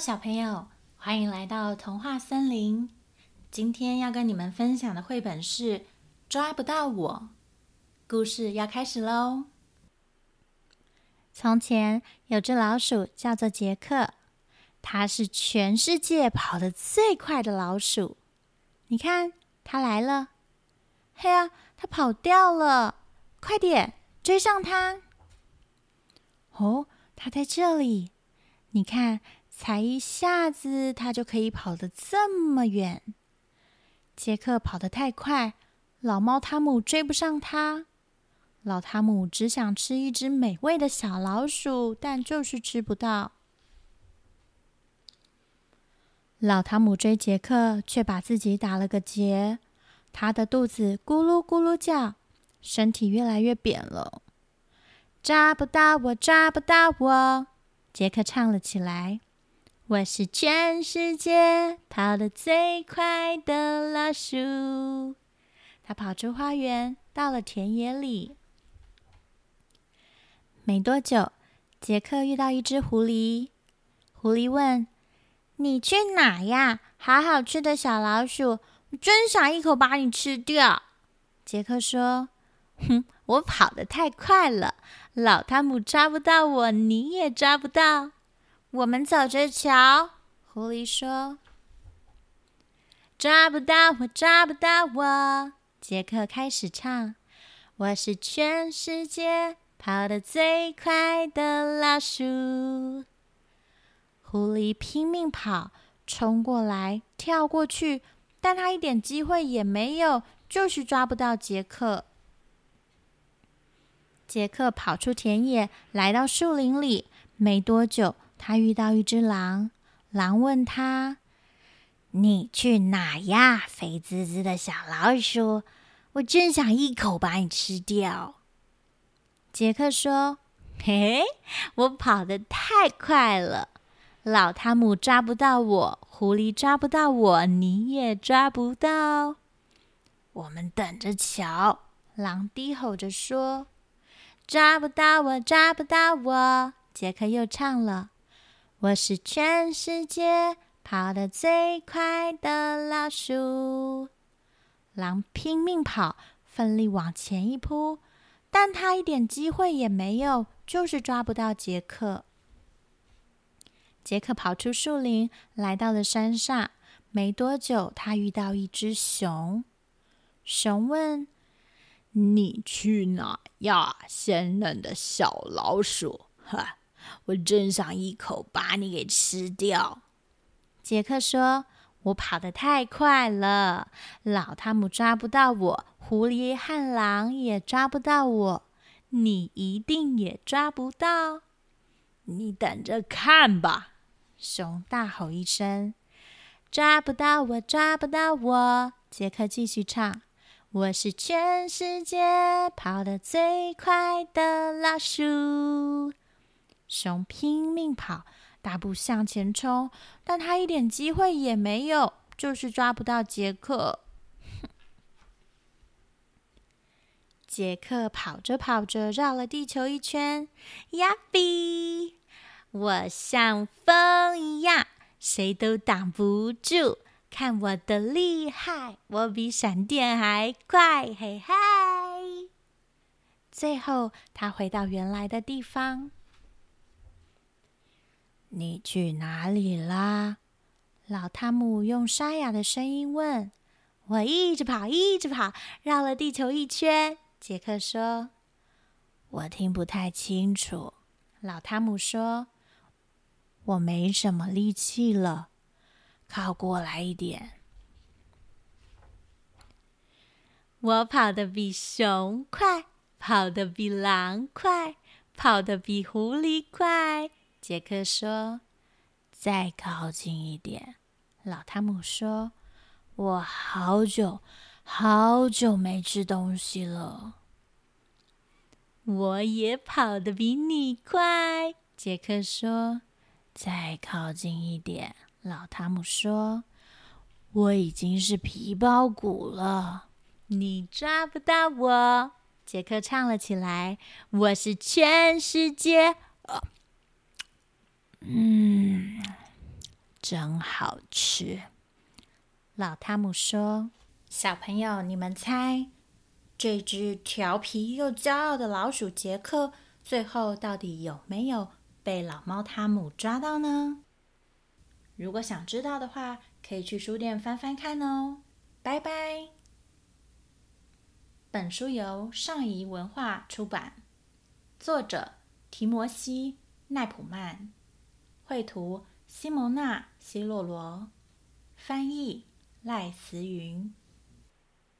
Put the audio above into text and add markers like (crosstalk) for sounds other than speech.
小朋友，歡迎來到童話森林。今天要跟你們分享的繪本是《抓不到我》。故事要開始嘍！從前有隻老鼠叫做傑克，它是全世界跑得最快的老鼠。你看，它來了！嘿呀，它跑掉了！快點追上它！哦，它在這裡！你看。才一下子，他就可以跑得這麼遠。傑克跑得太快，老貓湯姆追不上他。老湯姆只想吃一隻美味的小老鼠，但就是吃不到。老湯姆追傑克，卻把自己打了個結，他的肚子咕嚕咕嚕叫，身體越來越扁了。抓不到我，抓不到我！傑克唱了起來。我是全世界跑得最快的老鼠。他跑出花園，到了田野裡。沒多久，傑克遇到一隻狐狸。狐狸問：“你去哪呀？好好吃的小老鼠，真想一口把你吃掉。”傑克說：“哼，我跑得太快了，老湯姆抓不到我，你也抓不到。”我們走着瞧，狐狸說：“抓不到我，抓不到我！”傑克開始唱：“我是全世界跑得最快的老鼠。”狐狸拼命跑，衝過來，跳過去，但他一點機會也沒有，就是抓不到傑克。傑克跑出田野，來到樹林裡，沒多久。他遇到一隻狼，狼問他：“你去哪呀，肥滋滋的小老鼠？我真想一口把你吃掉。”傑克說：“嘿，嘿，我跑得太快了，老湯姆抓不到我，狐狸抓不到我，你也抓不到。我們等着瞧。”狼低吼着說：“抓不到我，抓不到我。”傑克又唱了。我是全世界跑得最快的老鼠。狼拼命跑，奮力往前一撲，但他一點機會也沒有，就是抓不到傑克。傑克跑出樹林，來到了山上。沒多久，他遇到一隻熊。熊問：“你去哪呀，鮮嫩的小老鼠？”哈。我真想一口把你給吃掉，傑克說：“我跑得太快了，老湯姆抓不到我，狐狸和狼也抓不到我，你一定也抓不到。你等着看吧！”熊大吼一聲：“抓不到我，抓不到我！”傑克繼續唱：“我是全世界跑得最快的老鼠。”熊拼命跑，大步向前衝，但他一點機會也沒有，就是抓不到傑克。傑克 (laughs) 傑克跑着跑着，繞了地球一圈，呀比！我像風一樣，誰都擋不住，看我的厲害，我比閃電還快，嘿嘿。最後，他回到原來的地方。你去哪裡啦？老湯姆用沙啞的聲音問。我一直跑，一直跑，繞了地球一圈。傑克說。我聽不太清楚。老湯姆說。我沒什麼力氣了，靠過來一點。我跑得比熊快，跑得比狼快，跑得比，跑得比狐狸快。傑克說：“再靠近一點。”老湯姆說：“我好久好久沒吃東西了。”我也跑得比你快。傑克說：“再靠近一點。”老湯姆說：“我已經是皮包骨了，你抓不到我。”傑克唱了起來：“我是全世界，啊。”嗯，真好吃。老湯姆說：“小朋友，你們猜，這隻調皮又驕傲的老鼠傑克，最後到底有沒有被老貓湯姆抓到呢？”如果想知道的話，可以去書店翻翻看哦。拜拜。本書由上誼文化出版，作者提摩西·奈普曼。繪圖：西蒙娜·希洛羅，羅，翻譯：賴慈芸。